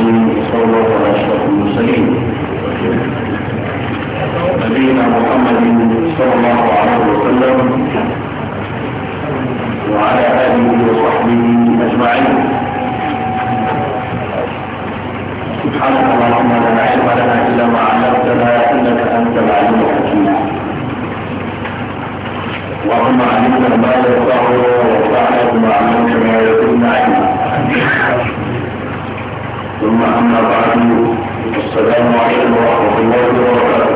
الرحيم صلى الله على اشرف المرسلين نبينا محمد صلى الله عليه وسلم وعلى اله وصحبه اجمعين سبحانك اللهم لا علم لنا الا ما علمتنا انك انت العليم الحكيم اللهم علمنا ما ينفعنا وانفعنا بما علمتنا ثم أما بعد السلام عليكم ورحمة الله وبركاته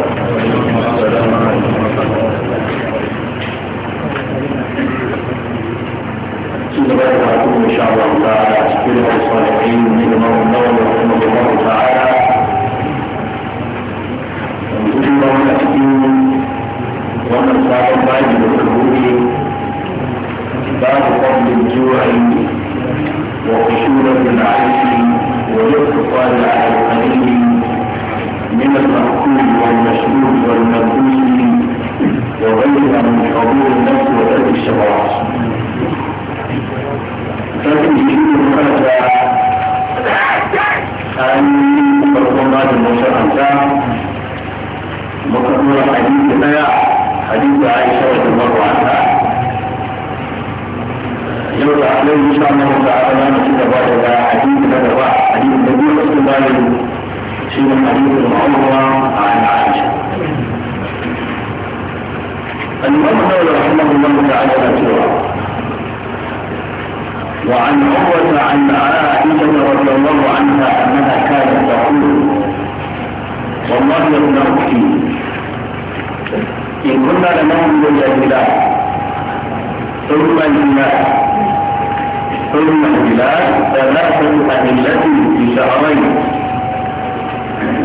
السلام عليكم ورحمة الله وبركاته إن شاء الله تعالى أشكره الصالحين من إمام النووي رحمه الله تعالى ونقول لهم أتكلم وأنا صار بعد الخروج باب فضل الجوع وخشونة العيش ويطلق على القليل من المأكول والمشروب والملبوس وغيرها من حضور النفس وترك الشبعات لكن يجب هذا أن تقومات المشرعة مقدمة حديث بيع حديث عائشة رضي الله عنها يوضع عليه إن شاء الله تعالى ما نسيت بعد حديث بيع مالك في حديث عمر عن عائشة الإمام رحمه الله تعالى سورة وعن عروة عن عائشة رضي الله عنها أنها كانت تقول والله يا ابن أختي إن كنا لنؤمن الله ثم بالله ثم البلاد تبحث أهلتي في شهرين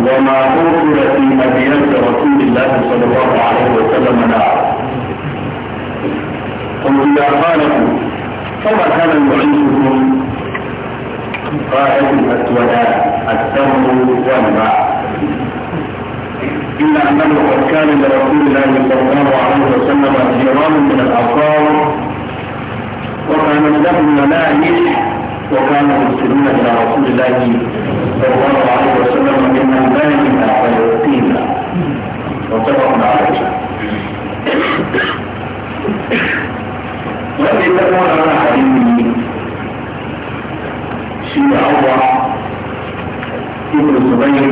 وما قتل في مدينة رسول الله صلى الله عليه وسلم لا قلت يا قالوا فما كان يعيشكم قائد الأسوداء الدم والماء إلا أنه قد كان لرسول الله صلى الله عليه وسلم جيران من الأبصار وكانت لهم ملائكة وكانوا يرسلون إلى رسول الله صلى الله عليه وسلم من الملائكة ويؤتينا واتفق عليه وإن تكون على حديثه شيء أوضح ابن الزبير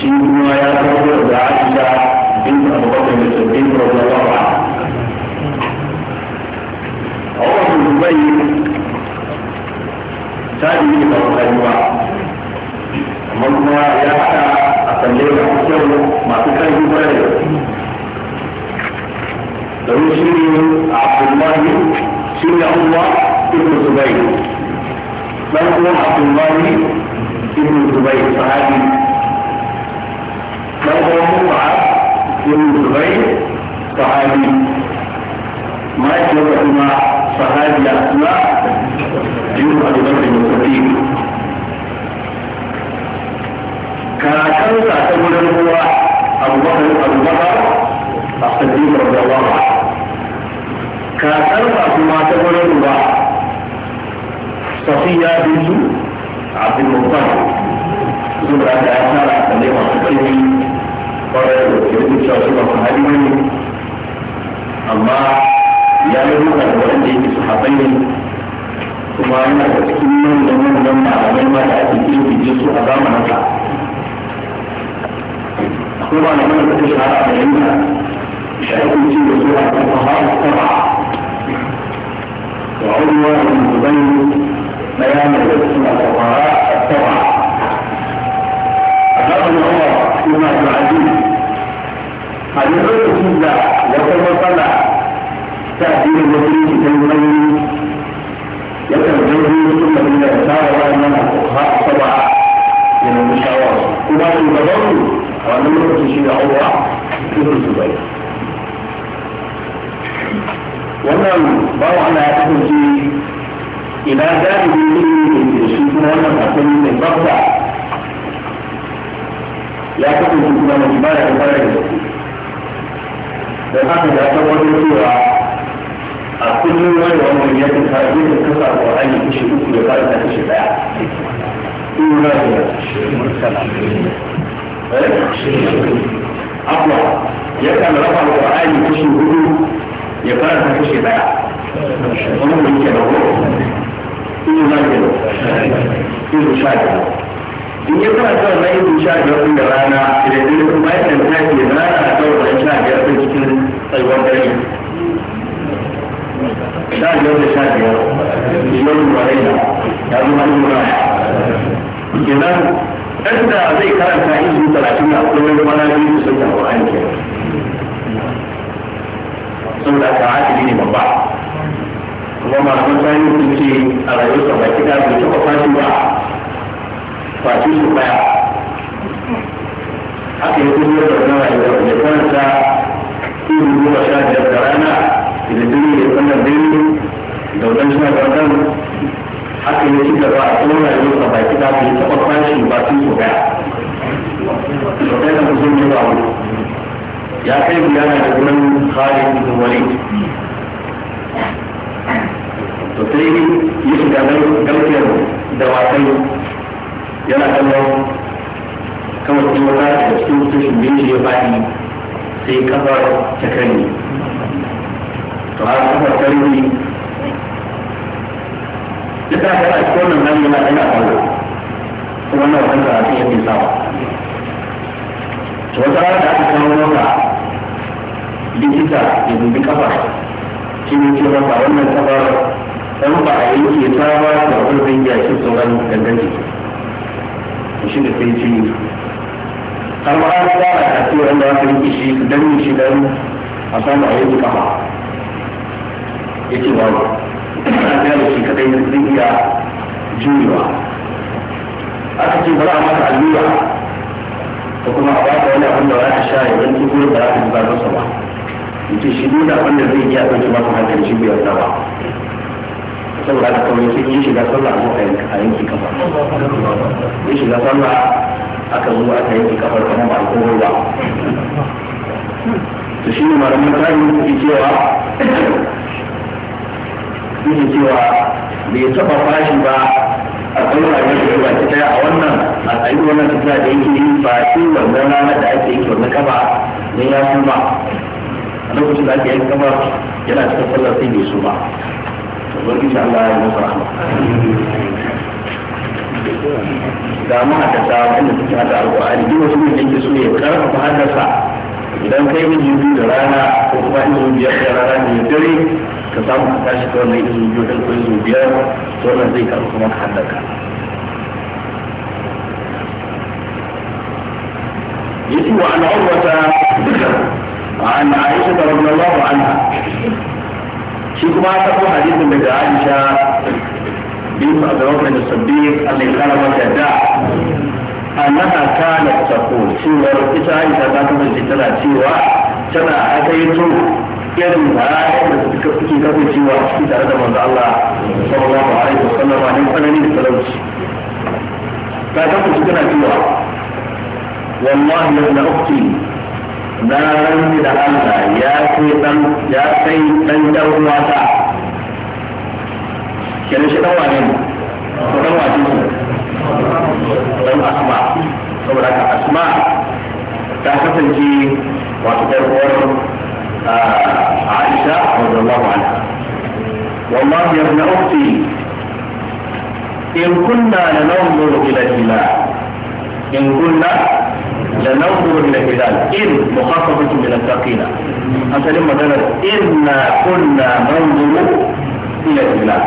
شيء ما يقول بعائشه بنت أبو بكر الصديق رضي الله عنه عمر بن الزبير تابعي لفرقانيوة منها يا حتى أصلي وحسن ما تكره بغيره لو شيء عبد الله شيء الله ابن الزبير من هو عبد الله ابن الزبير صحابي من هو مصعب ابن الزبير صحابي ما يجوز ما sahaja pula Juru adalah penyelidik Kalau tak kemudian buat Abu Bakar Abu Bakar Tak sedih berjawab Kalau tak semua kemudian buat Sofiya Bisu Abdul Muttar Itu berada asal Dan dia masuk ke sini Pada itu Jadi saya cuba ya yi ruka da waɗanda yake sahabbai ne kuma yana da cikin nan da nan nan malamai ma da ake kirkije su a zamanin sa akwai malamai da suka shahara a yanzu shaikun da su a kan fahara saba wa aurewa da zubai na yana da su a kan fahara saba a zamanin umar suna da ajiyu a lokacin da wata matsala تأثير المسلمين في المسلمين يترجمه ثم إلى الشاورة من الفقهاء سبعة من المشاورة وما يبدو وأن يمكن شيء عروة في الزبير wannan bawa ana ya kasance ina jami'in ilimin da ke shi kuma wannan akwai mai tsafta ya kasance kuma mai ibada da fara da su don haka ya tabbatar cewa a kullum wani wani ya kusa yi da kusa ko an yi kishi uku da fara ta kishi daya ne eh? abuwa ya kan rafa alƙur'ani kishi hudu ya fara ta kishi daya wani mun ke da ko ina ne ina sha da in ya fara ta na yin sha biyar din da rana idan dai kuma ya kan tashi rana ta wannan sha biyar din cikin tsayuwar gari sha biyar da sha biyar imam maraina ya zo hannun muraja kenan ɗan da zai karanta izini talatin da akwai wani mana biyu su sun tafi an ke saboda ka haɗi ne babba kuma malaman sani sun ce a rayuwarsa baki da bai taɓa fashi ba fashi su baya haka ya kuma yadda wani rayuwa da karanta izini goma sha biyar da rana idan dare ya sallar dare da wajen suna wajen haka ya ci gaba a tsawon rayuwar a baki da bai taɓa fashi ba sun so daya da ɗaya kan kusan yi babu ya kai biyana da gurin halin ibn walid to sai ya shiga galkiyar da wasan yana kallon kawai cikin wata da cikin mutum shi ya faɗi sai kafar ta kare kamar kuma sarki duka da a cikin wannan hali yana ina faru kuma na wannan karatu yake sawa to wata rana da aka kawo maka likita ya dubi kafa shi ne ce maka wannan kafar dan ba a yanke ta ba ta wurin ya shi sauran gangan jiki shi ne sai ce har ma an tsara a cewa wanda aka yanke shi dan shi dan a samu a yanke kafa ya ce wawo ana da shi kadai zai iya jurewa aka ce ba za a maka allura ko kuma a baka wani abin da za ka sha ya zanci gurin da za ka ji ba masa ba ya ce shi duk abin da zai iya ɗauke masa hankali shi bai yarda ba saboda haka kawai sai in shiga sallah a yanki kafa In shiga sallah aka zo aka yanki kafar kamar ba alkohol ba to shi ne malamin tarihi suke cewa shi cewa bai taɓa fashi ba a ɗaura ne da yawa ta a wannan a tsayi wannan tafiya da yake yi ba shi wannan ranar da ake yi wannan kaba ne ya su ba a lokacin da ake yi kaba yana cikin sallar sai bai su ba. Ubangiji Allah ya yi masa rahama. ga ma'aikata wanda suke hada alƙur'ani duk wasu ne yake so ya karfafa haddasa idan kai miji biyu da rana ko kuma ina biyar da rana ne dare kaza mu عن عائشة رضي الله عنها شيخ ما تقول حديث من عائشة بنت أبي بكر الصديق الذي كان وجه وجدا أنها كانت تقول سوى رؤيت عائشة ذات من سيرة سوى سنة أتيت irin bayan da suka suke kasancewa a cikin tare da manzo Allah sallallahu alaihi wasallam ne tsanani da talauci ta tabbata su kana cewa wallahi ya na ukti na ranni da Allah ya kai dan ya kai dan dan uwata kenan shi dan wane ne ko dan wace ne dan asma saboda asma ta kasance wato ɗan uwar آه، عائشة رضي الله عنها والله يا ابن أختي إن كنا لننظر إلى الهلال إن كنا لننظر إلى الهلال إن مخففة من التقينة أنت لما قالت إنا كنا ننظر إلى الهلال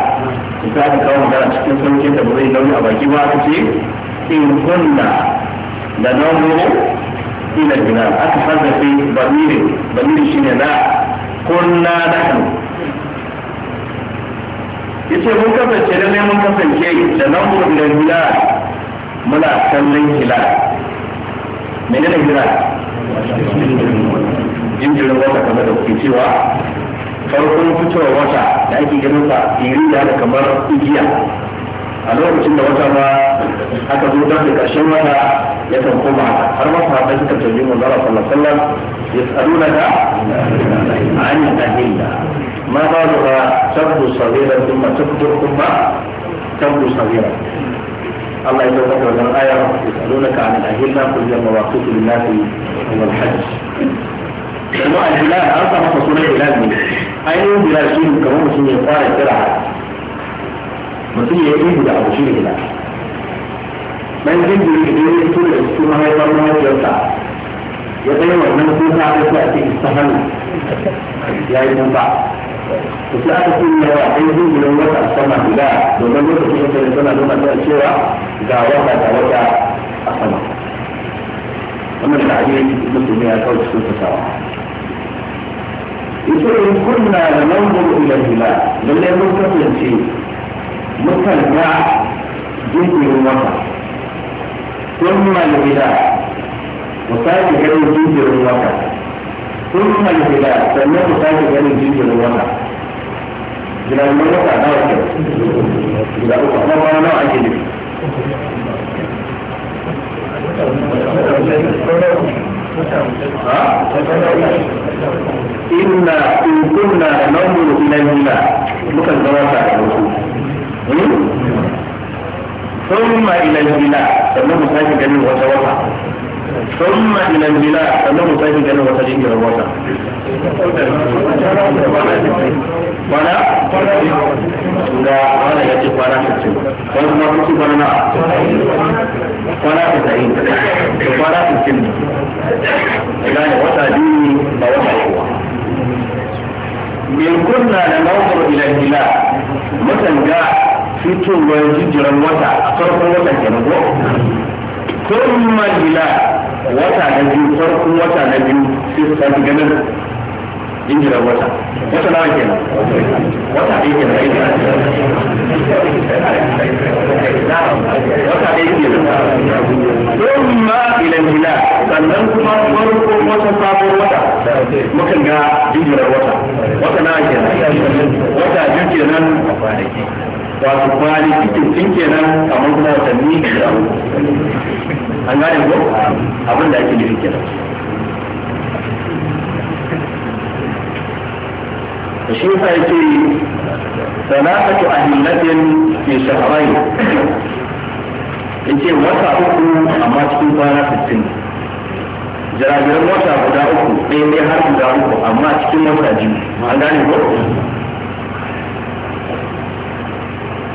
إذا أنت كون قالت كيف يمكن تبغي نوي أباكي وأكتي إن كنا لننظر إلى الجنان shi في ضمير ضمير شننا كنا نحن yace mun kasance da ne mun kasance da nan mu da gida muna kallon hila menene hila injirin wata kamar da kuke cewa farkon fitowar wata da ake ganin sa iri da kamar igiya a lokacin da wata ba aka zo da ƙarshen wata يتم قبعة أربعة حديثة تجيب الله صلى الله عليه وسلم يسألونك عن الأهلة ما بعدها تبدو صغيرة ثم تكبر ثم تبدو صغيرة الله يجب أن يكون الآية يسألونك عن الأهلة كل يوم وقت للناس من الحج لأنه الهلال أرضى ما تصول الهلال من أين يوم بلا شيء كمان مسلم يقارن ترعى مسلم يقارن ترعى مسلم يقارن dan jinjiri idan ya fito da ya mahaifar mahaifiyarsa ya tsaye wannan kuka a a cikin ta ya yi kuka to sai aka kuma yawa ɗan jinjirin wata sama guda domin wata da ta tana zama ta cewa ga wata ga wata a sama wannan da ajiyar ne ya kawo cikin fasawa ita in kunna da nanzuru ila hilal lallai mun kasance mukan ga jinjirin wata ثم الهلال وساك غير جيجر الوضع ثم الهلال سنه ساك غير جيجر الوضع جلال الوضع دعوة جلال الوضع ما نوع جديد إنا إن كنا ننظر إلى الهلال مثل دواسة ثم إلى الهلال sannan mu sake ganin wata wata ثم إلى البلاد فإنه سيكون جنة وسجين إلى الوطن kwana ga wanda ya ce kwana sittin wani kuma kuci kwana na kwana sittin da kwana sittin ne gane wata biyu ba wata uku min kunna da mawqar ila hilal mutan ga fitowar jijiran wata a farkon wata ke kenan ko ma gila wata na biyu farkon wata na biyu sai su sami ganin injiran wata wata na wake wata ɗaya kenan aiki wata ɗaya kenan kuma ilan gila sannan kuma farkon wata sabon wata mukan ga injiran wata wata nawa kenan wata biyu kenan wato kwali cikin cin kenan kamar kuma watanni da abu an gane ko abin da ake nufi kenan da shi yasa yake sana'atu ahillatin fi shahrayn yace wata uku amma cikin kwana 60 jiragen wata guda uku ɗaya ne har guda uku amma cikin wata biyu an gane ko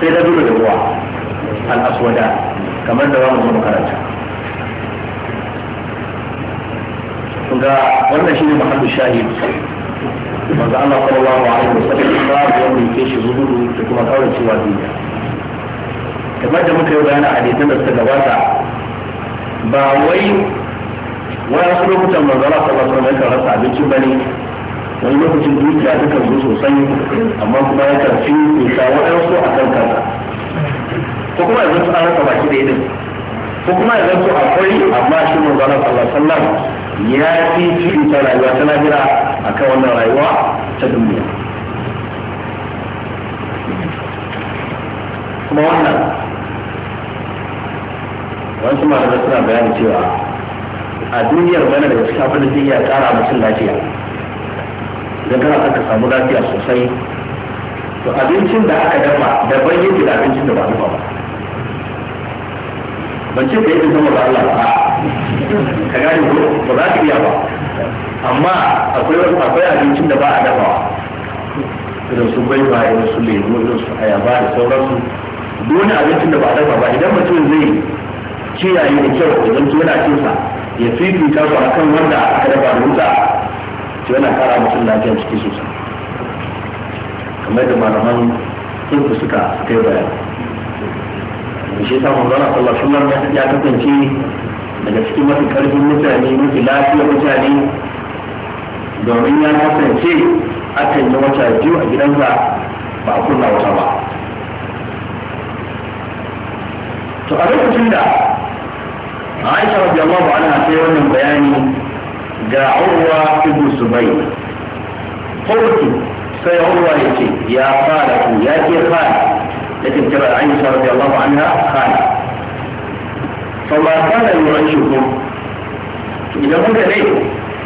sai na dole da ruwa al'aswada kamar da mu zo makaranta ga wannan shine mahallu shahid manzo Allah sallallahu alaihi wasallam babu wanda yake shi zuhuru da kuma kawai cewa duniya kamar da muka yi wa a da suka gabata ba wai wani lokutan manzo Allah sallallahu alaihi wasallam ya rasa abinci bane wani lokacin dukiya dukan zo sosai amma kuma ya karfi ya sha waɗansu a kan kansa ko kuma ya zanto an rasa baki da idan ko kuma ya zanto akwai amma shi mu zana sallallahu ya fi fifita rayuwa ta lahira kan wannan rayuwa ta duniya kuma wannan wasu malamai suna bayani cewa a duniyar mana da wasu kafin da zai a tsara mutum lafiya idan kana ka samu lafiya sosai to abincin da aka dafa daban yake da abincin da ba dafa ba ban ce ka yi zama ba Allah ba ka gani ko ba za ka iya ba amma akwai akwai abincin da ba a dafawa irin su gwaiba irin su lemu irin su ayaba da sauransu dole abincin da ba a dafa ba idan mutum zai kiyaye da kyau idan yana cinsa ya fifita su akan wanda aka dafa da wuta yana kara mutum lafiya ciki sosai kamar da malaman kirku suka suka yi bayan da shi samun zana sallallahu alaihi wasallam ya kasance daga cikin mafi karfin mutane mafi lafiya mutane domin ya kasance akan yi wata biyu a gidansa ba a kunna wata ba to a lokacin da Aisha ba ana sai wannan bayani دعوة عروة ابو سبيل قلت سي عروة يا خالة يا كي خالة لكن ترى عيسى رضي الله عنها خالة فما كان يعيشكم إذا قلت لي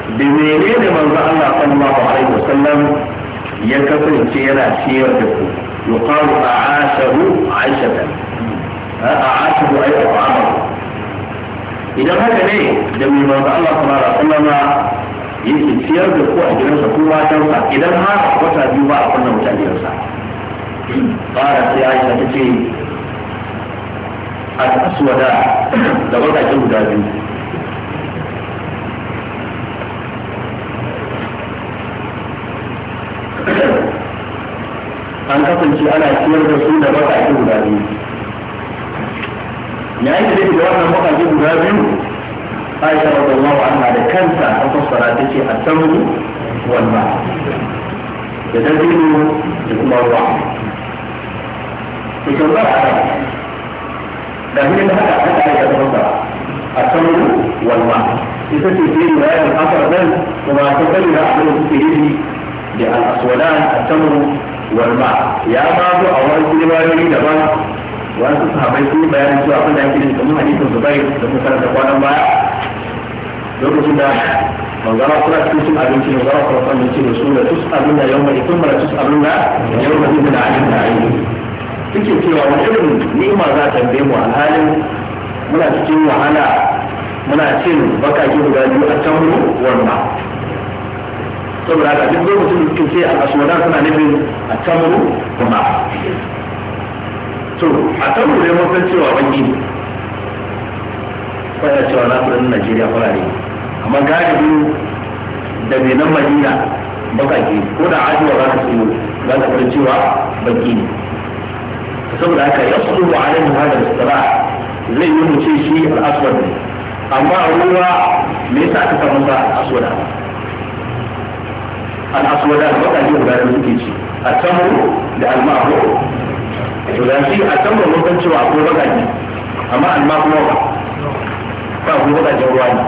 بمينين من ذا الله صلى الله عليه وسلم يكفر سيرا سيرتكم يقال أعاشه عيشة أعاشه أي أعاشه idan haka ne da mai manzo Allah subhanahu wa ta'ala yake ciyar da ku a gidansa ko sa idan har wata biyu ba a kunna sa fara sai ai ta ce a aswada da ji guda biyu an kasance ana ciyar da su da bakakin guda biyu yayin da yake da wannan makaji guda biyu Aisha radiyallahu anha da kanta a fassara ta ce at-tamru wal ma da dabino da kuma ruwa to kan ba da ne da haka aka Aisha da fassara at-tamru wal ma ita ce ce riwayar asar dan kuma ta bayyana abin da suke yi da al-aswadan at-tamru wal ma ya ma zo a wani riwayoyi daban wasu sahabai sun bayanin cewa abin da ake nufi kamar hadisin zubair da muka da kwanan baya lokacin da manzara suna cikin cin abinci ne zara kuma san abinci da su da tus abin da yau mai tun mara tus abin da yau mai tun da abin da ayi suke cewa wani irin nima za ta tambaye mu alhalin muna cikin wahala muna cin baka bakaki guda biyu a can mu wannan saboda haka duk lokacin da suke ce a kasuwa suna nufin a can mu kuma to a kano ne mun san cewa baki kwaya cewa na kudin najeriya farare amma galibi da mai nan madina bakaki ko da ajiwa za ka siyo za ka kudin cewa baki ne saboda haka ya kudu wa alaihi hada mustara zai yi mu ce shi al'aswad ne amma a ruwa me sa aka samu sa aswada al'aswada bakaki guda da suke ci a tamu da al-ma'ruf to da shi a can ba mun san cewa akwai bakaji amma alma kuma ba ba kuma bakajin ruwa ne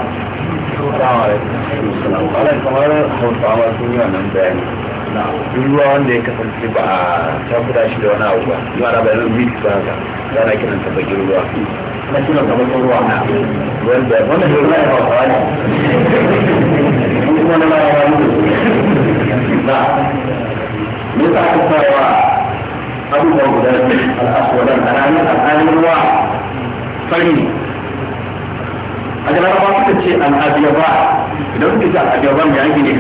Alai kamar hausawa sun yi wannan bayani. Duk ruwa wanda ya kasance ba a cakuda shi da wani abu ba, zuwa na bayan wheat ba haka, yana kiran ta bakin ruwa. Na kira kamar ruwa na wanda wanda shi ruwa ya hausawa ne. Duk wani mara wani na. Me yasa aka fara abubuwan guda biyu al'aswadan a ranar al'adun ruwa fari a jarabawa suka ce al'adiyaba idan suka ce al'adiyaban ya yi ne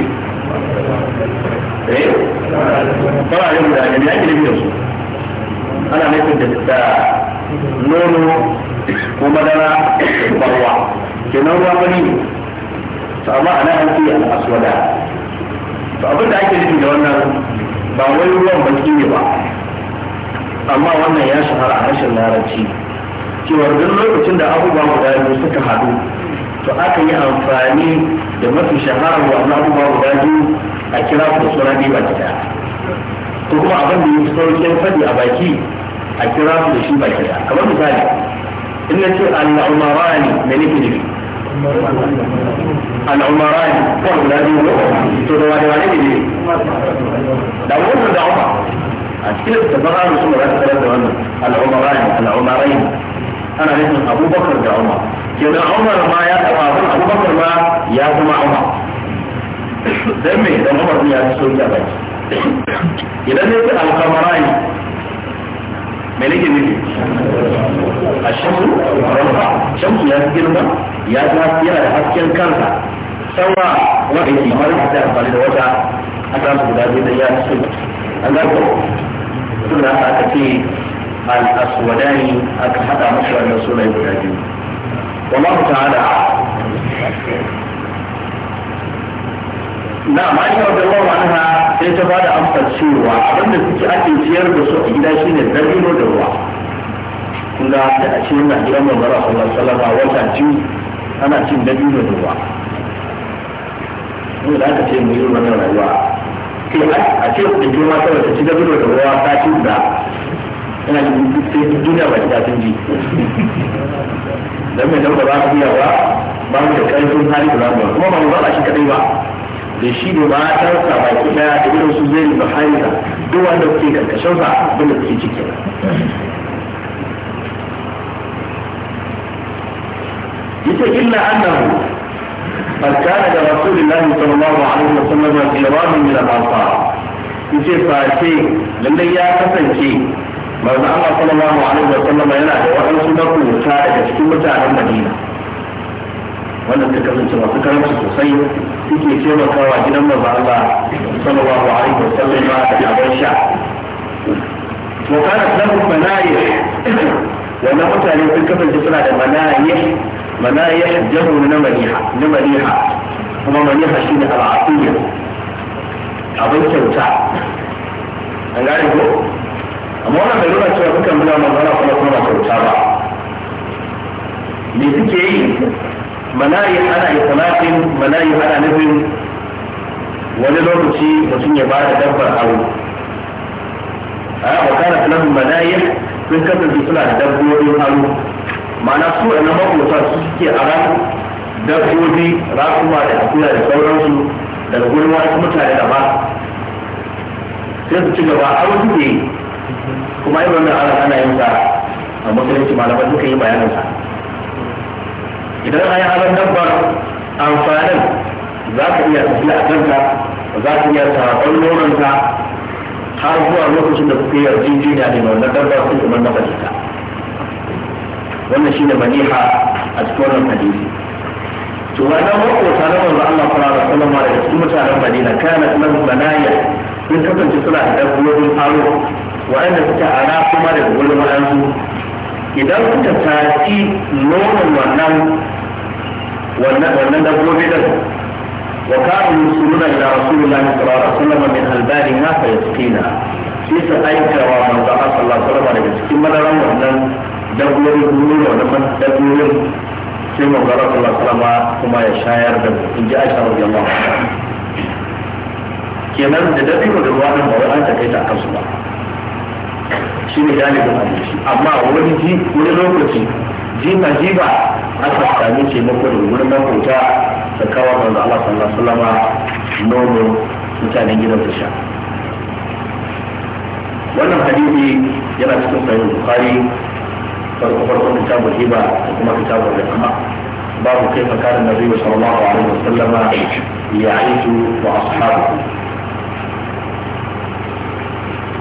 eh fararen guda ne ya yi ne su ana nufin da nono ko madara da ruwa kenan ruwa fari ne to amma ana hanci al'aswada to abin da ake nufi da wannan ba wani ruwan ba ne ba amma wannan ya shahara a harshen larabci cewar duk lokacin da abubuwa guda biyu suka haɗu to aka yi amfani da mafi shahara wa abubuwa guda biyu a kira su da suna biyu baki ɗaya ko kuma abin da ya fi sauƙin faɗi a baki a kira su da shi baki ɗaya kamar misali in na ce al'umarani na nake nufi al'umarani kawai guda biyu to da wani wani ne da wannan da umar الشرك طبعا رسول الله صلى الله عليه وسلم العمرين العمرين أنا مثل أبو بكر بعمر كنا عمر ما يأتوا أبو بكر ما يأتوا عمر دمي دم عمر بن أبي سوية بيت إذا نجد القمرين me nake nufi a shamsu rafa shamsu ya girma ya yana da hasken kansa sauwa wanda yake mara da amfani da wata a kansu guda biyu da ya fi an gaba suna aka ce al-aswadani aka haɗa musu wannan sunaye guda biyu wallahu ta'ala na ma'aikata da ruwan anha sai ta bada amsar cewa abinda suke ake ciyar da su a gida shine dabino da ruwa kun ga ta a cikin na gidan manzara sallallahu alaihi wasallam wata biyu ana cin dabino da ruwa mun da aka ce mu yi wannan rayuwa ce a ce da girma kawai ta ci da gudu da ruwa ta ci da ina sai duniya ba ta sun ji dan mai dauka ba su iya ba ba mu da karfin hali da ba, kuma ba mu ba shi kadai ba da shi ne ba ta sa ba ki da irin su zai ba halisa duk wanda kuke karkashin sa abin da kuke ciki yace illa annahu قد كان لرسول الله صلى الله عليه وسلم كرام من الأنصار yace face lallai ya kasance manzo Allah sallallahu alaihi wa sallam yana da waɗansu makuta daga cikin mutanen Madina wannan ta kasance masu karanci sosai suke taimakawa gidan manzo Allah sallallahu alaihi wa sallam da abin sha wa kana lahu manayih wannan mutane sun kasance suna da manayih mana ya jaru na maliha na maliha kuma maliha shi ne al'afiyya abin kyauta an gane ko amma wannan bai nuna cewa sukan muna magana kuma kuma ba kyauta ba me suke yi mana manayi ana itlaqin manayi ana nufin wani lokaci mutum ya ba da dabbar aure a wa kana lahum manayih sun kasance suna da dabbobin aure ma'ana su da nan makwabta su suke a ran dabbobi rakuma da akuya da sauransu daga gurin wasu mutane da ba sai su ci gaba a wasu ne kuma yi wannan ana ana yin sa a musulunci malaman suka yi bayanin sa idan an yi halar dabbar amfanin za ka iya tafiya a kanta za ka iya saɓon noronka har zuwa lokacin da kuke yarjejeniya ne wannan dabbar sun kuma masa ita wannan shi ne maniha a cikin wannan hadisi to wa wannan makota tare da Allah sallallahu alaihi wasallam daga cikin mutanen Madina kana lahu manaya sun kasance suna da dabbobin faro waɗanda suka ara kuma da gurbin waɗansu idan suka tafi nonon wannan wannan wannan dabbobi da wa kanu yusuluna ila rasulullahi sallallahu alaihi wasallam min albaniha fa yasqina sai su aika wa manzo Allah sallallahu alaihi wasallam daga cikin madaran wannan dabbobi duniya da man dabbobin sai mu gara Allah sallama kuma ya shayar da in ji Aisha radiyallahu anha kenan da dabbobi da ruwa nan ba wai an takaita akan kansu ba shi ne galibin abinci amma wani ji wani lokaci jima jiba aka sami ce mako da wurin makota da kawo manzo Allah sallallahu alaihi wasallama nono mutanen gidan su sha wannan hadisi yana cikin sahih bukhari farko farko kitabul hiba kuma kitabul riqama babu kai fakar nabi sallallahu alaihi wasallam ya aitu wa ashabu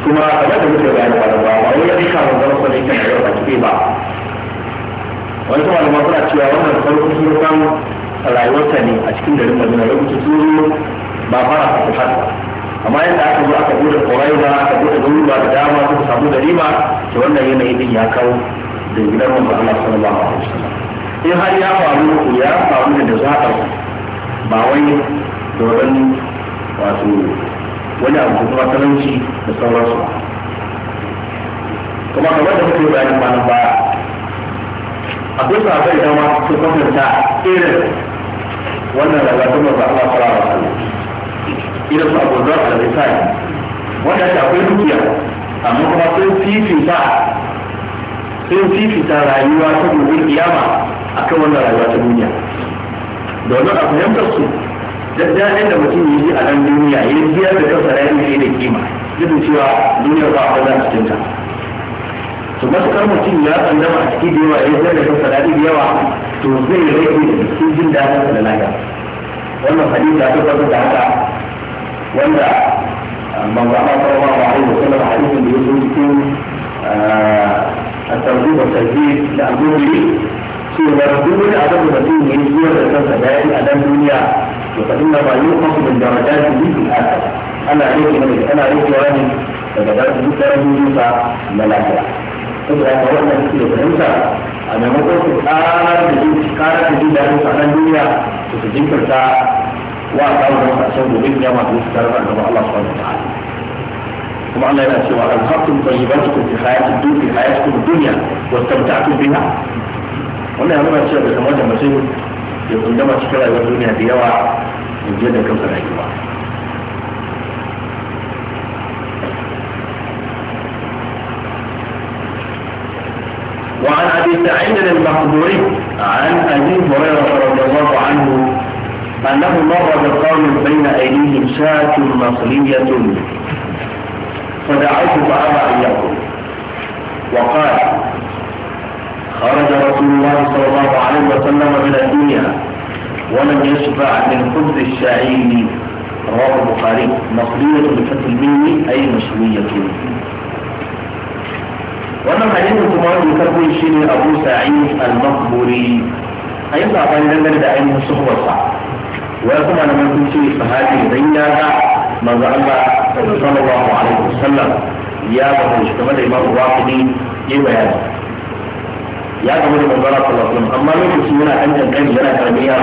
kuma kamar da muke bayani ba da ba wani ya dika mun zama sanin kan yau baki ba wani kuma malama suna cewa wannan farko sun san rayuwarsa ne a cikin garin Madina lokacin sun ba fara fatuhat ba amma yadda aka zo aka bude ƙwarai aka bude garuruwa da dama suka samu da rima to wannan yanayi din ya kawo da gidan manzo Allah sallallahu alaihi wasallam in har ya faru ya faru da zaɓar ba wai doron wato wani abu kuma talauci da sauransu kuma kamar da muke bayanin ba nan baya akwai sabai da ma su kwatanta irin wannan lalatun da Allah sallallahu alaihi irin su abu zar da misali wanda shi akwai dukiya amma kuma sun fifita sun fifita rayuwa ta gobe kiyama kan wannan rayuwa ta duniya domin a fahimtar su daddaɗin da mutum yi a nan duniya ya biya da kansa rayuwa shi da kima duk cewa duniyar ba a wajen a cinta to matuƙar mutum ya tsandama a ciki da yawa ya biya da kansa rayuwa da yawa to zai rage da cikin jin daɗin da lafiya wannan hadisi ya tabbatar da haka wanda ah, manzo Allah sallallahu alaihi wasallam hadisin da ya zo cikin ah, a tarbi da tarbi da agogiri cewa duk wani abin da mutum ya yi zuwa da kansa da yayi a nan duniya to fa inna ma yuqasu min darajati bi al-akhir ana rike ne ana rike wani daga dukkan darajoji sa na lafiya saboda haka wannan shi da fahimta a maimakon su da jin ƙara da daɗin duniya su jinkirta wa kawo da ƙarshen gobe kiyama da su da ومعنى لا سوى أنهرتم طيباتكم في حياة الدنيا في حياتكم الدنيا واستمتعتم بها وانا يا ربا سيدي كما جمع سيدي يقول دمت شكرا إلى الدنيا في من جيدا كم سنة يوع وعن أبي سعيد المقبوري عن أبي هريرة رضي الله عنه أنه مر بقوم بين أيديهم شاة مصرية فدعوت فأبى أن يأكل وقال خرج رسول الله صلى الله عليه وسلم من الدنيا ولم يشبع من خبز الشعير رواه البخاري مقلية بفتح الميم أي مشوية wannan hadisin kuma wanda ya karbo shi ne Abu Sa'id al-Makhburi ayi sabani dangane da ainihin suhuwarsa wai kuma na mun ce sahabi idan ya ga manzo Allah صلى الله عليه وسلم يا بطل اشتمال الإمام الواحدي إيه بيان يا بطل المنظرة صلى الله عليه وسلم أما لو مسلمنا أنت كان لنا تربية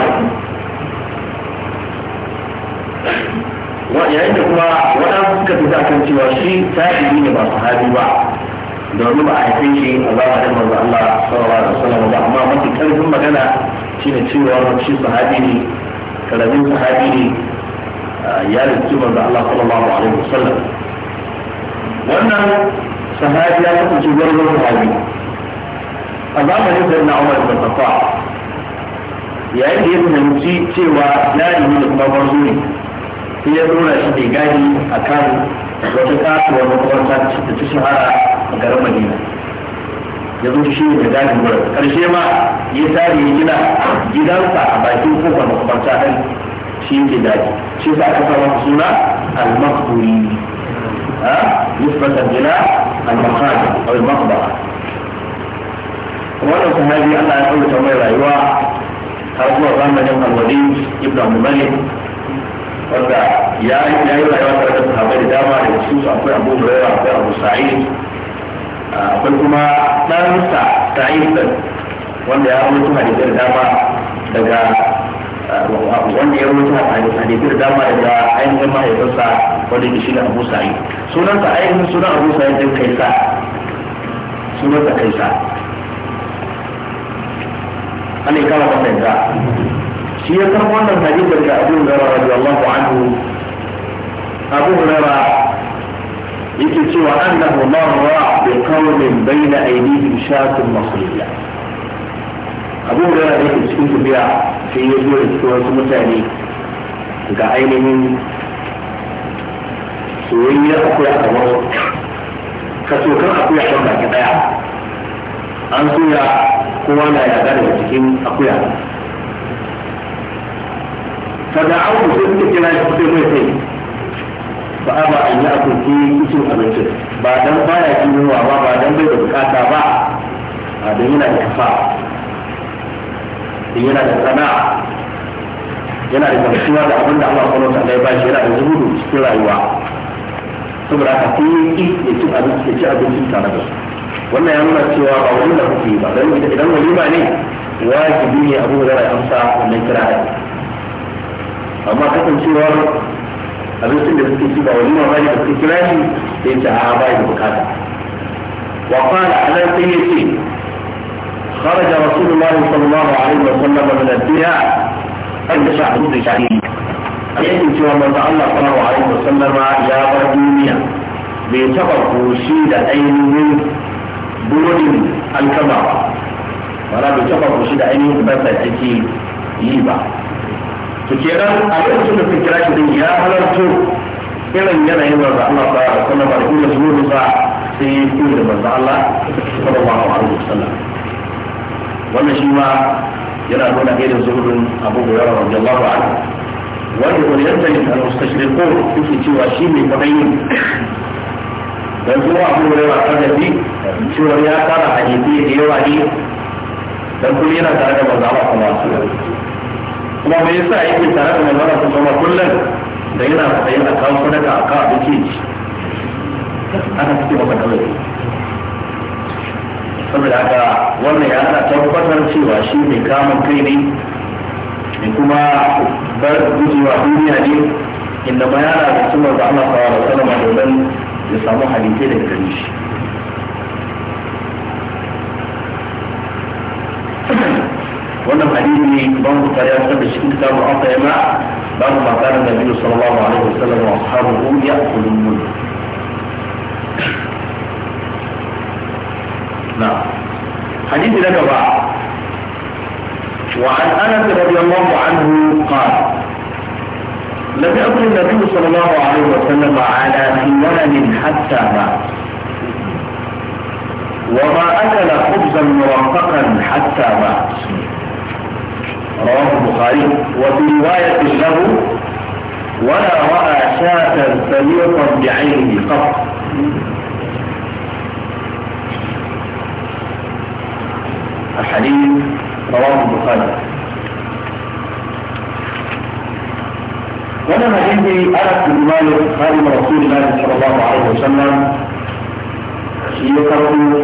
yayin da kuma waɗansu suka fi kan cewa shi tabi'i ne ba sahabi ba domin ba a haife shi a zamanin manzo Allah sallallahu alaihi wasallam ba amma mafi karfin magana shine cewa shi sahabi ne karamin sahabi ne أيام التوبة بأن الله صلى الله عليه وسلم وأنه سهاد لا تقلت جوار من الغالبين أضعنا نفسه أن عمر بن الخطاع يأتي ابن المسيء سوى نائم من المبرزون في يدرون أشدي قاهي أكان وتكات ومطورتات ستة تسعر أكرم مدينة yanzu shi ne da gani wurin karshe ma ya tare yi gina gidansa shi yake daji shi sa aka samu suna al-maqburi ha nisbatan ila al-maqam aw al-maqbara wannan sahabi Allah ya kauta mai rayuwa har zuwa zamanin al-Walid ibn Abdul Malik wanda ya yi rayuwa tare da sahabbai da dama da cikin su akwai Abu Hurairah akwai Abu Sa'id ah, akwai kuma ɗansa Sa'id wanda ya rawaito hadisi da dama daga wanda ya rubuta a da dama daga ainihin mahaifinsa wanda ke shi da Abu Sa'id sunansa ainihin sunan Abu Sa'id din Kaisa sunansa Kaisa an yi kama masa yanzu shi ya karɓi wannan hadisi daga Abu Hurairah radiyallahu anhu Abu Hurairah yake cewa annahu marra bi qawmin bayna aydihim shatun masriya Abin da yana yake cikin tafiya sai ya zo da cikin wasu mutane ga ainihin soyayya akwai a kamar kaso kan akuya kan baki daya an soya kowa na yaga daga cikin akuya kada an wuce suka kira shi kusa mai sai ba a ba a yi akwai cikin abincin ba dan baya cikin yunwa ba ba dan bai da bukata ba a don yana da kafa yana da sana'a yana da gamsuwa da abin da Allah kuma ta ya bashi yana da zuhudu cikin rayuwa saboda haka sai ya ki ya ci abinci ya ci abinci tare da su wannan ya nuna cewa ba wani da kuke ba dan idan walima ne wajibi ne abu da zai amsa wannan kira ne amma kasancewar abincin da suke ci ba walima ba ne da suke kira shi sai ya ce a ba ya bukata wa qala ala sayyidi خرج رسول الله صلى الله عليه وسلم من الدنيا عند شهر شعير أيضا سوى ما تعلق الله عليه وسلم يا بردوميا بيتبقوا شيد أين من بلد الكبار ولا بيتبقوا شيد أين من بلد الكبار ليبا تكيران أيضا سوى في كراش دي يا هلالتو إلا إن ينا إلا رضا الله صلى الله عليه وسلم سيكون رضا الله صلى الله عليه وسلم wannan shi ma yana nuna da zuhurin abu da yawa wajen ba wanda wani yadda ne a ko suke cewa shi ne kwaɗayin dan zuwa abu da hurairah kan nabi cewa ya fara a hadisi da yawa ne dan kuma yana tare da manzo kuma su alaihi kuma me yasa yake tare da manzo Allah sallallahu kullum da yana tsaye a kan sadaka a kan abinci aka fice masa kawai saboda haka wannan ya ana tabbatar cewa shi mai kamun kai ne ne kuma bar gujewa duniya ne inda ma yana da sunan da Allah sallallahu alaihi wasallam domin ya samu hadisi daga gare shi wannan hadisi ne ban ku tare da shi cikin kitabu al-Qiyamah babu makarin da Nabi sallallahu alaihi wasallam wa ashabuhu ya'kulun حديث لك بعض وعن أنس رضي الله عنه قال لم يكن النبي صلى الله عليه وسلم على ثمن حتى مات وما أكل خبزا مرققا حتى مات رواه البخاري وفي رواية له ولا رأى شاة سليقا بعينه قط الحديث رواه البخاري وانا عندي ألف بن مالك خادم رسول الله صلى الله عليه وسلم يقول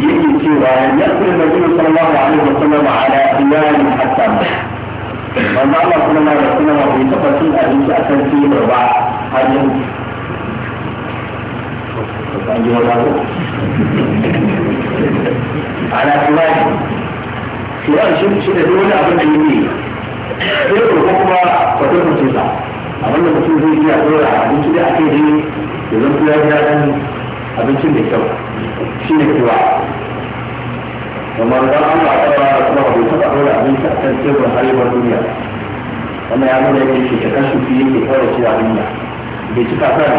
يجي سوى ان يدخل النبي صلى الله عليه وسلم على إمام حتى وما الله صلى الله عليه وسلم في تفاصيل حديث اكل فيه ربع حديث shi على أطلاقه سؤال da شو دولة أبن أيدي سير ko kuma الجزاء أولا mutum mutum zai iya dora abinci da ake yi da zan kula da ɗan abincin da kyau shi ne kuwa amma da Allah ta ba kuma bai ta dora abinci a kan teburin halin duniya wannan ya nuna yake shi ta kashi fiye ke kawai a duniya bai cika kan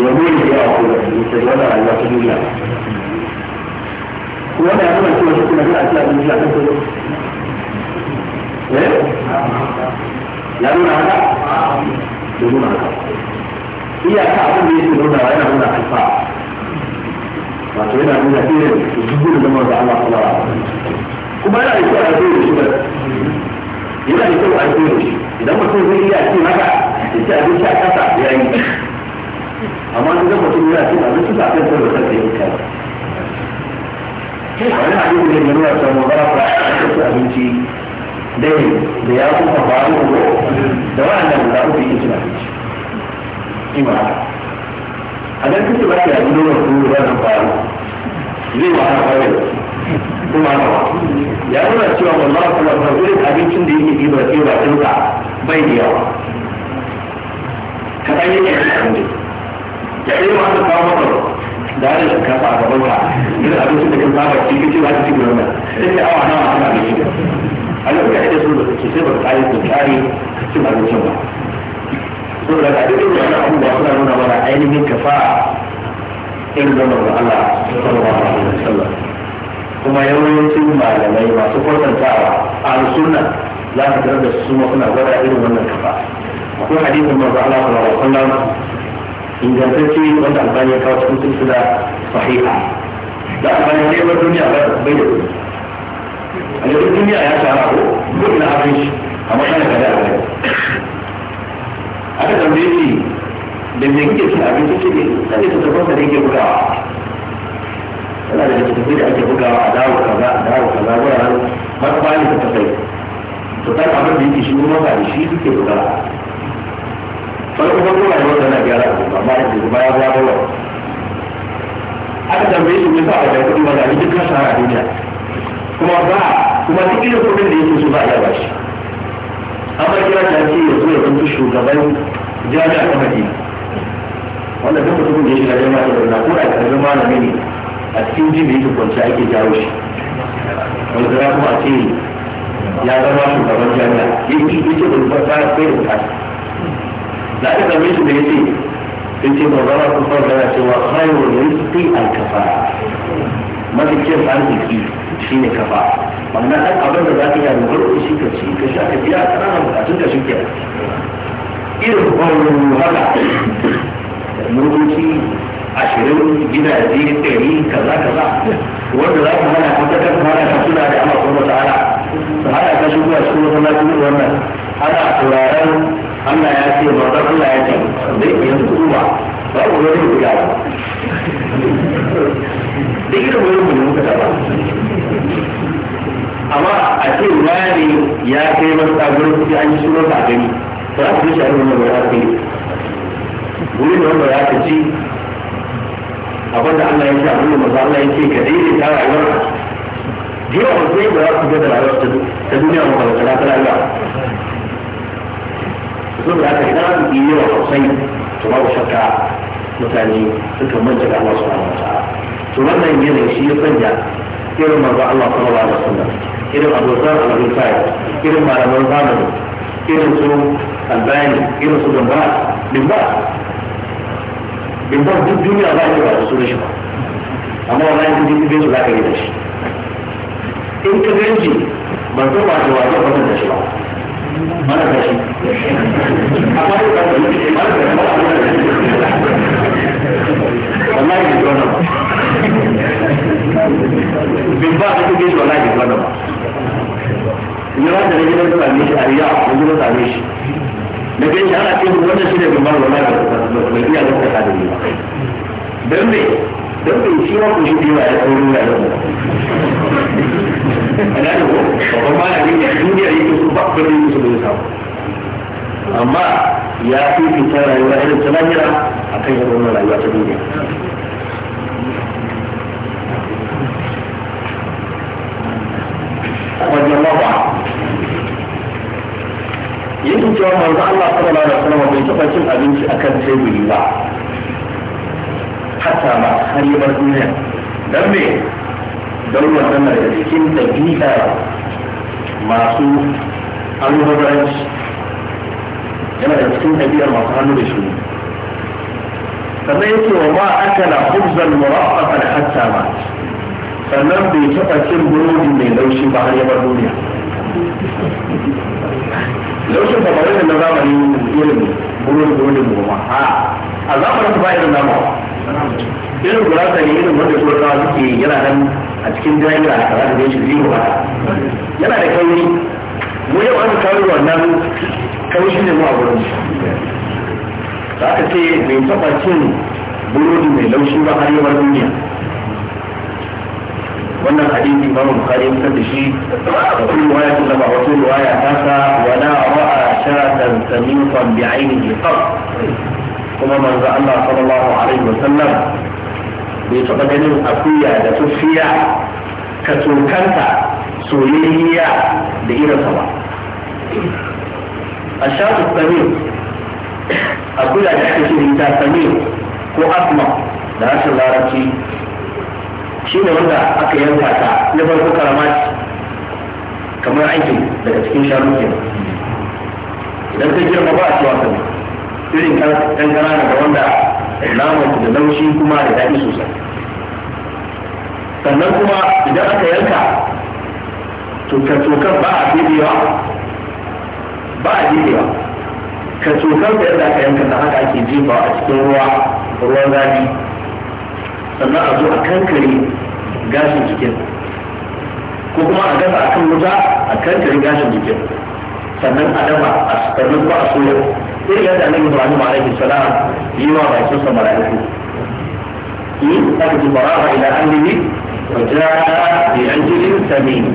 ya nuna yawa ko da ita wannan rayuwa ta duniya wanda ya zama cewa shi kuma za a ci abinci a kan kudu eh ya nuna haka da nuna haka iyaka abin da yake nuna yana nuna alfa wato yana nuna irin zubbin da manzo Allah sallallahu alaihi kuma yana da kyau a koyar shi ba yana da kyau a koyar shi idan mutum zai iya cin haka ya ci abinci a kasa ya yi amma idan mutum yana cin abinci ba a kan da kansa ya yi wani abin da ya nuna samun barafa da su abinci dai da ya kuka faru ko da wannan guda uku yi cin abinci ima a dan kuke ba ya yi nuna su da nan faru zai wa ana faru kuma na ya nuna cewa wallahi kuma ba irin abincin da yake ɗiba ke ba ɗinka bai da yawa kaɗan yake da abinci ya ɗaya ma aka kawo maka da har yanzu kafa a gaban ka duk abincin da kan saba ci kace za ka ci gurin nan sai ka awa nawa kana abinci a lokacin da sun da suke sai ba ka yi da tsari cin abincin ba saboda ka duk da wannan abubuwa suna nuna mana ainihin kafa irin wannan da Allah sallallahu alaihi wasallam kuma yawancin malamai masu kwatantawa a sunna za ka tarar da su suna gwada irin wannan kafa akwai hadisin manzo Allah sallallahu alaihi wasallam ingantacce wanda albani ya kawo cikin silsila sahiha da albani ne ba duniya ba bai da kudi a yanzu duniya ya shara ko ko ina abin shi a matsayin kada a kai aka tambaye shi da me kike cin abinci ce ne sai ta tabbata da yake bugawa yana da littattafai da ake bugawa a dawo kaza a dawo kaza wuraren masu bayan tafai to kan abin da yake shi ne masa da shi suke bugawa farko farko na yau tana gyara abu amma da ke baya ba da wani aka tambaye shi me a da kuɗi ba da ni dukkan a duniya kuma ba kuma duk irin kuɗin da yake so ba a ba shi amma kira ta ce ya zo ya zanto shugaban jami'a ta madina wanda duk mutumin da ya shiga jama'a ta madina ko da karbin malami ne a cikin jin da yake kwanci ake jawo shi wanda za kuma a ce ya zama shugaban jami'a yake yake da ba ta kai da Za aka same shi da ya ce sai ce ba zama ku fara yana cewa khairu rizqi al-kafa mafi kyan arziki ne kafa ma'ana dan abin da zaka yi rubutu shi ka ci ka sha ka biya kana bukatun ka shi kenan irin wannan haka motoci ashirin gidaje ɗari kaza kaza wanda za ku hana kuka kan hana ka suna da amma kuma ta hana. su hana ka shigo a cikin wannan wannan ana turaren Allah ya ce mazan Allah ya ce zai iya kuma ba ku zai guda gaba. duk irin wani mu ne muka taba amma a ce wani ya kai masu gurin kuɗi an yi sunan a gani ba a cikin shari'a wani wani haske wurin da wani ya ka ci abinda Allah ya ce abinda mazan Allah ya ce ka daidai ta rayuwar jiya wasu yi ba za su ga da rayuwar ta duniya mu ba ta rayuwa saboda haka idan an yi yawa sosai to babu shakka mutane suka manta da Allah subhanahu wa ta'ala to wannan yanayi shi ya sanya irin manzo Allah sallallahu alaihi wasallam irin abokan al'adun sayar irin malaman zamani irin su albani irin su gamba bimba bimba duk duniya ba ta ba da sunan shi ba amma wallahi duk duniya su za ka yi da shi in ka ganji ban zo ba ta wajen wannan da shi ba mara da shi amma da ba da shi mara da ba wallahi da zuwa ba bin ba da kuke shi wallahi da zuwa ba yawan da rage da same shi a riya a zuwa same shi da kai shi ana ce wannan shi ne bin ba wallahi da zuwa ba iya da ta da ni ba dan me don bai shi ma ku shi biyu a yi ɗaurin da mu. a da, ko babban malamin da duniya yake su ba ku da yake su bai samu amma ya fi fitar rayuwa irin ta lahira a kan yin wannan rayuwa ta duniya رضي الله عنه yake cewa manzo Allah sallallahu alaihi wasallam bai taɓa cin abinci akan teburi ba حتى مع خريبة الناس دمي دولة دمرة سكين تجنيها معصوف أبو هبرج كما تسكين تجنيها مطهن بشو فنيت وما أكل خبزا مرافقا حتى مات فنم بيتفى كل برود من لوشي بحرية بردونيا لوشي بحرية النظام اليوم يلم برود برود مرافقا ha azaman ba irin namawa irin gurasa ne irin wanda turkawa suke yana nan a cikin jami'a a kara da shi biyu ba yana da kauri mu yau an kawo wannan kauri ne mu a wurin za ka ce bai taɓa cin burodi mai laushi ba har yawan duniya wannan hadisi imamu bukhari ya fitar da shi da kullu waya ta zama wato riwaya ta sa wala ra'a shatan samifan bi'ainihi qab kuma manzo Allah sallallahu alaihi wasallam bai taɓa ganin akuya da tuffiya ka tsokanta soyayya da irin sa ba a shafi samir akuya da ake shirin ta samir ko asma da rashin larabci shi ne wanda aka yanka ta na farko karama kamar aiki daga cikin shanu kenan idan ka girma ba a cewa samir irin ɗan ƙanana da wanda naman da laushi kuma da daɗi sosai sannan kuma idan aka yanka tokar ba a ɗebewa ba a ɗebewa ka tokar da yadda aka yanka na haka ake jefa a cikin ruwa ruwan zafi sannan a zo a kankare gashin jikin ko kuma a gasa a kan wuta a kankare gashin jikin sannan a dafa a sannan ba a soya sai ga da annabi Ibrahim alaihi salam yi wa bakin sa mala'iku in aka ji bara'a ila annabi wa ja'a bi ajlin samin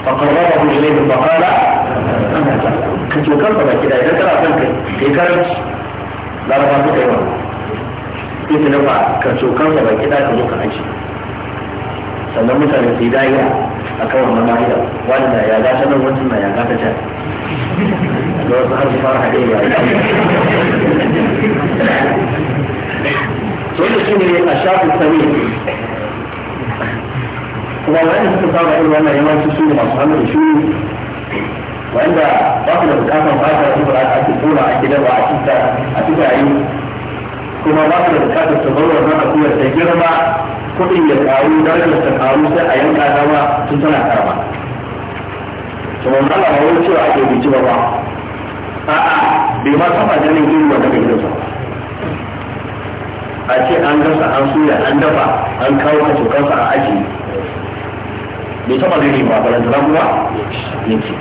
فقربه إليه فقال أنا كنت وكلت بك إذا ترى فنك في كرش لا رفع بك يوم كنت نفع كنت وكلت بك إذا تزوك عيشي sannan mutane su yi daya a kawai mamaya wanda ya gata nan wancan na ya gata can لو ظهر فرح ليه تقول لي الشرط الثاني ولو ان استطاع ان وانا يوم تسوي مصحن يشوي وعند قبل بتاعه فاضل يقول على التقول على كده وعكسه اكيد اي كما قبل بتاعه التطور ما اقول تجربه ما كل يقاوي درجه تقاوي سي ايام كذا ما تنتهي كذا ثم الله هو يقول على كده a'a bai ma saba ganin iri wanda bai irinsa a ce an gasa an suya an dafa an kawo ka cokansa a aji bai taba gani ba balantana kuma ya ce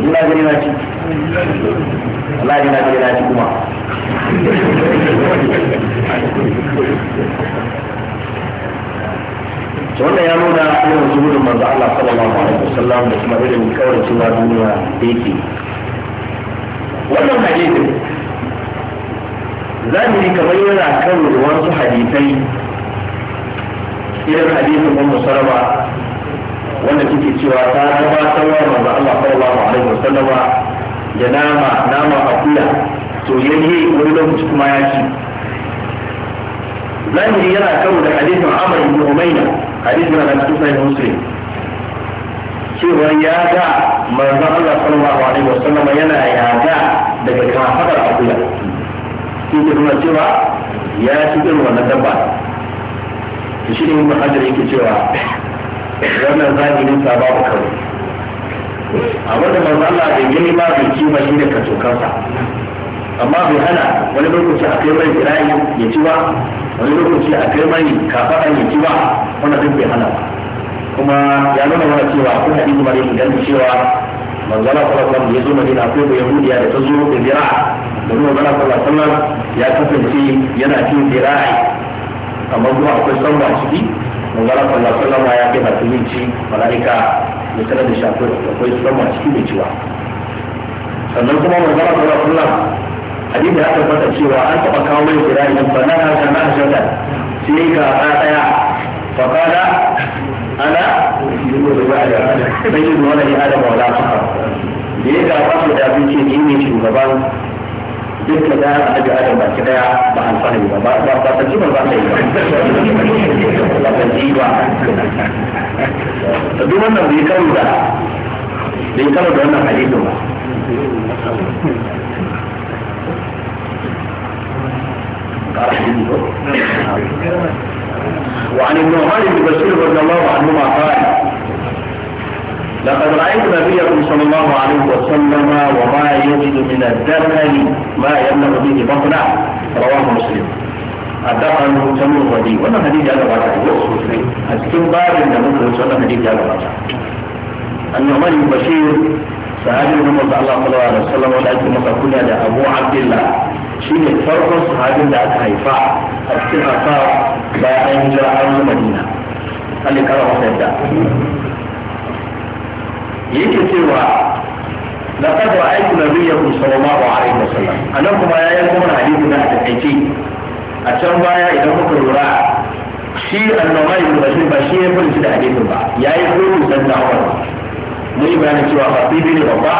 ni na gani na ci Allah ne na gani na ci kuma wannan ya nuna wasu zuhurin manzo Allah sallallahu alaihi wasallam da kuma irin kawai suna duniya da yake wannan hadisin zahiri kamar yana kan wasu hadisai irin hadisin ummu salama wanda take cewa ta gabatar wa manzo Allah sallallahu alaihi wasallama da nama nama akuya to yayi wani lokaci kuma ya ci zahiri yana kawo da hadisin Amr ibn Umayna hadisin na cikin Muslim cewa ya ga manzan Allah sallallahu alaihi wasallam yana yaga daga kafadar akuya shi ke nuna cewa ya ci irin wannan dabba to shi ne mun hajar yake cewa wannan zahirin sa babu kawai A da manzon Allah bai gani ba bai ci ba ne ka cokarsa. amma bai hana wani lokaci a kai mai ya ci ba wani lokaci a kai mai kafaɗa ya ci ba wannan duk bai hana ba kuma ya nuna mana cewa akwai hadisi mare inganta cewa manzala sallallahu ya zo madina akwai bai yahudiya da ta zo da da domin manzala sallallahu ya kasance yana cin zira'i amma kuma akwai ba ciki manzala sallallahu ya kai masu yin ci malaika da sanar da shafi akwai sanwa ciki mai ciwa sannan kuma manzala sallallahu hadisi ya tabbata cewa an taɓa kawo mai zira'i ba na hasa na ta sai ga ɗaya فقال ba da bayyin wala ya adam wala faqa da ya ga wasu da abin ce ni ne shugaban duk da da annabi adam baki daya ba alfahari ba ba ba ta ji ba ba ta yi ba ta ji ba to duk wannan bai karu da bai karu da wannan hadisi ba وعن النعمان بن بشير رضي الله عنهما قال لقد رأيت نبيكم صلى الله عليه وسلم وما يجد من الدخل ما يملك به بطنا رواه مسلم الدخل تمر ودي وانا حديث هذا بعد الوصف اسكن بعد ان نبوك وصلنا حديث هذا بعد ان عمر بشير صحابي محمد صلى الله عليه وسلم ولا يكون مقبولا لابو عبد الله شيء فرق صحابي لا تهيفا اسكن اصاب بعد ان جاء المدينه قال لي كلام سيدنا yake cewa laqad ra'aytu nabiyyakum sallallahu alaihi wasallam anan kuma ya kuma mana hadisi da aka kaice a can baya idan muka lura shi annabi ibn bashir ba shi ya furta da hadisin ba yayi kuma san da Umar mun yi bayanin cewa khatibi ne babba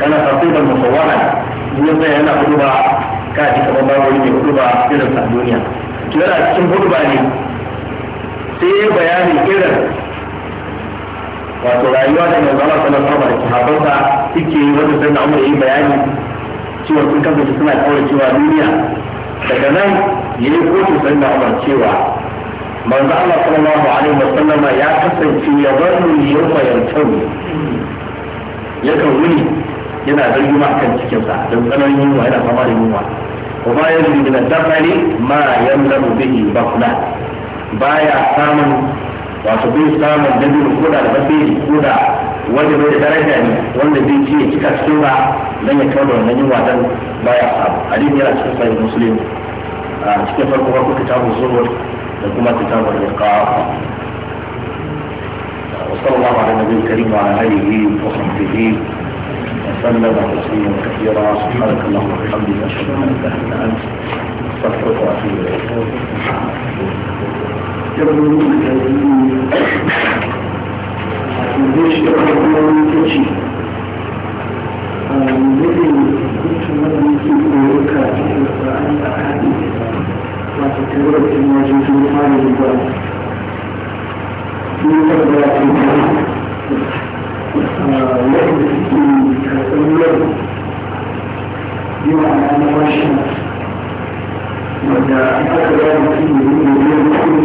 kana khatiban musawwara mun sai yana hudu ba ka ji kamar ba wani ne hudu ba irin sa duniya to yana cikin hudu ba ne sai bayani irin wato rayuwa da manzo zama sanar kuma da sahabbansa suke yi wanda sai na Umar yi bayani cewa sun kasance suna kaura cewa duniya daga nan ya yi kotu sai na Umar cewa manzo Allah sallallahu alaihi sallam ya kasance ya barnu yawma ya yakan wuni yana zargi ma kan cikinsa don tsananin yunwa yana fama da yunwa wa ma yanzu min ad-dafari ma yanzu bihi bakla baya samun wato bai samun dabino ko da alfasiri ko da wanda bai da daraja ne wanda zai ci cika cikin ba dan ya kawo wannan yunwa dan baya samu hadisi yana cikin sahih muslim a cikin farko farko kitabun zuhur da kuma kitabun riqaq وصلى الله على النبي الكريم وعلى اله وصحبه وسلم تسليما كثيرا سبحانك اللهم وبحمدك اشهد ان لا اله الا انت استغفرك واتوب اليك ليش تقول لي تجي الذي كنت مدني في قولك القرآن الأحاديث وتكبرت المواجهة في مقام الباب من تبعات يحدث في كتبير بمعنى أنا وشمت وإذا أكبر في من يوم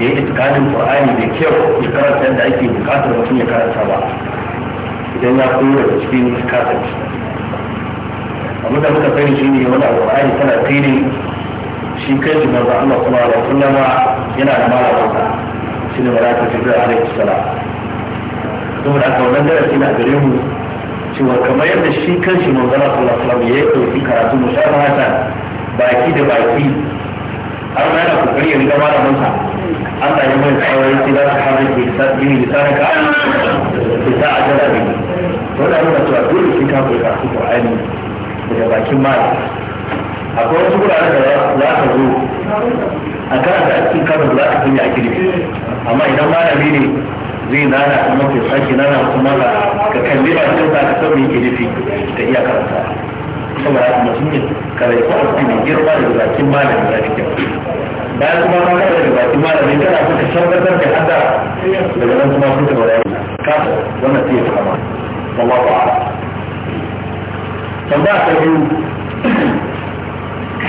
ya yi itikanin qur'ani da kyau ya karanta yadda ake bukatar mutum ya karanta ba idan ya kuma daga cikin kasance abinda muka sani shi ne wani qur'ani tana tsiri shi kai shi manzo Allah kuma da kullama yana da malamansa shi ne malaka jibril alaihi salam saboda aka wannan darasi na gare mu cewa kamar yadda shi kan manzo Allah sallallahu alaihi wasallam ya ɗauki karatu musharahatan baki da baki har ma yana kokari ya riga malamansa Allah ya mai tsawon shi da hannun ke sabbi da tsarin ka ke sa a jira ne to da yana cewa dole shi ka koyi kasu Qur'ani daga bakin mali akwai wasu gurare da za ka zo a kan da ake da za ka sanya a girbi amma idan malami ne zai nana kuma ke sake nana kuma ka kalli ba ka sa ka san ke nufi ka iya karanta ya mutum ne kare ko a cikin girma da bakin malami ya fi kyau bayan kuma ka kada da baki malamin kana so ka da hada daga nan kuma kuka bayani ka wannan sai ya kama ba a'lam tambaya ta biyu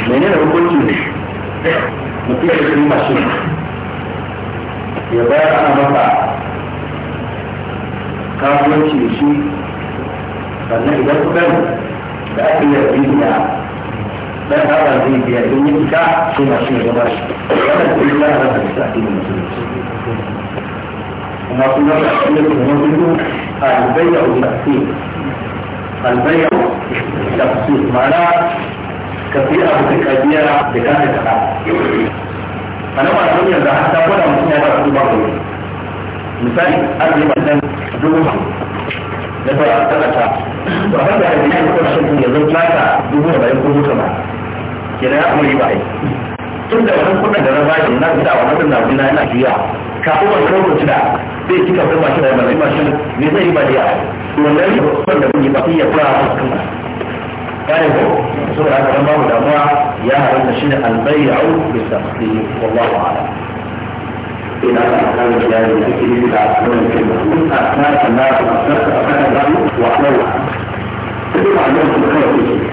menene hukunci ne mutum ya yi mashin ya bayar ana masa kasuwanci da shi sannan idan kuɗin da ake yi da dan Allah zai biya in yi fita sai masu ya gaba shi wannan kuma ya rasa da sa addinin musulunci kuma kuma da shi ne kuma gudu albayya wa tafsir albayya wa tafsir ma'ana ka fi abu ka kabiya da ka ta kana a nan ba sun yanzu har ta mutum ya ba su ba ku misali arziki ba nan dubu na fara ta ba ba da hajji ne shi ne yanzu ta dubu da bayan ko mutum ba kenan ya amuri ba ai tun da wannan kudin da na bayar na gida wannan kudin na gida yana juya kafin kawo lokacin da zai ci kafin mashin da mai mashin ne zai yi ba da yara wannan rikon da mun yi ba iya kura a kan kare ko saboda aka ran babu damuwa ya haramta shi ne albayyau bi sahbi wallahu a'lam ina da kan da yaro da ke da wannan kin da ta ta na ta ta ta ta wa Allah sai ba ne kawai kai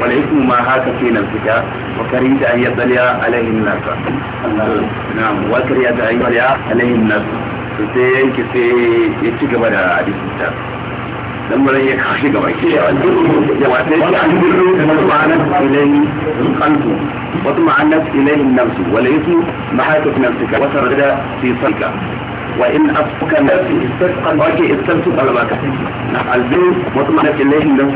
والاسم ما هاك فينا الفتاة وكريد أن يطلع عليه الناس نعم وكريد أن يطلع عليه الناس فتين كسي يتشك بلا عدي الفتاة لما لن يكخش قبعي جواتي إليه الخلف وطمع النفس إليه النفس والاسم ما هاك فينا الفتاة وسرد في صلك وإن أبقى نفسي صدقا وجه استمسك على ما كتب وطمع واطمأنت إليه وطمع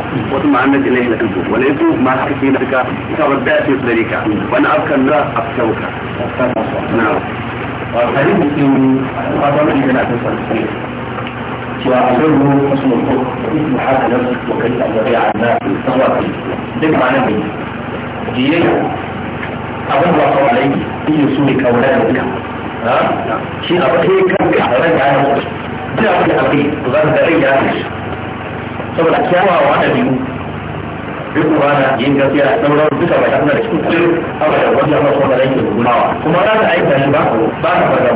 واطمأنت إليه القلب وليس ما حكي في نفسك تردأت في ذلك وأنا أبقى النار أبكوك نعم وخليل في قدر إلى حسن الخلق وإثم حال نفسك وكيف أجري عنا سواء ده معنى مين؟ دي أبو الله عليه في يسوع أولادك shi abu sai kanka a ran ya mutu duk abin da abu za ka rai ya mutu saboda kyawawa da biyu duk na yin gaskiya na sauran duka bai tafi da cikin kullum abada wanda ba kuma da yake gudunawa kuma za ka aika shi ba ba ka fada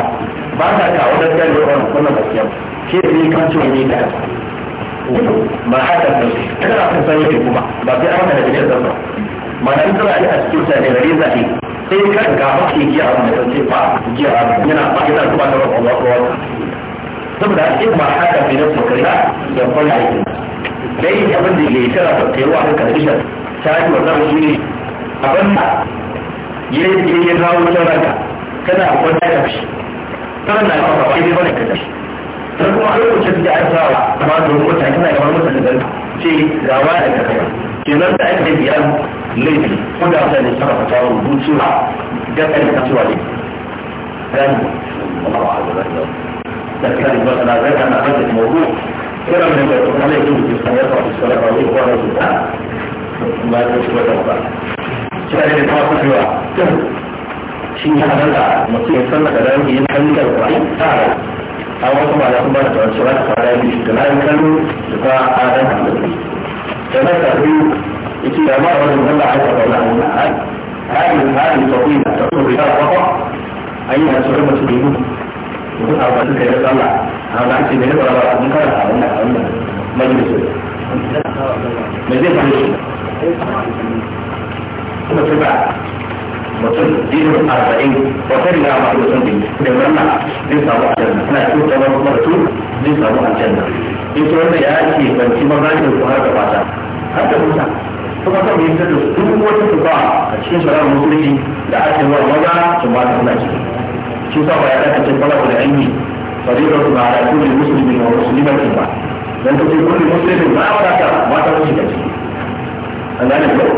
ba ka kawo gaskiya da wannan wannan gaskiya shi ne kan cewa ne da ba haka ne kana kan sanya kuma ba zai an da gidan zama ma'ana in kana a cikin mutane da reza ne sai kan ga ba giya abin da ce ba giya abin yana ba yana zuwa da rabon wata. kowa saboda in ma haka bai na tsokariya da kwallo aikin dai abin da ya yi tara da kai wa haka da ta yi wannan shi ne abin da ya yi ya kawo wajen ranka kana akwai ta yafi tana na kawo ba ne bane ka sai kuma a lokacin da aka sa amma domin mutane kana kamar mutane da ce ga wani da kenan da aka yi biyar. laifi ko da wata ne sarrafa ta rubu cewa da kai ta ne dan da kai ba sana da kana da mawdu kira ne da kuma laifin da ke sanya ta da sarrafa ne ko da su ta ba ta shi wata ba kira ne ta ku shi ne hadan da mutum ya san daga dan yin kalmar Qur'ani ta a wasu malaman ba da tawassul da fara yi da nan kallo da ba a dan da kana na tafi yake da ma wani zalla a ka zauna a wannan hali hali tafi da tafi da ya kwakwa yi a cikin masu da yi mutum a wasu da ya zalla a wannan ce da ya zalla a wannan kada wannan wannan majalisu me zai fara kuma ce ba mutum dinin arba'in wata riga ma da sun dinki da wannan zai samu aljanna ana cikin tsaron mutu zai samu aljanna ita wanda ya ke banci maza ne ko har da mata har da mata kuma kan yin tattu duk wata ba a cikin shirar musulunci da ake wa maza su mata suna ciki shi sa ba ya ɗaka cikin kwalaba da aini fadilar ba a kulli musulmi wa musulmanin ba don ta ce kulli musulmin ba a wadata ta su shiga ciki an gane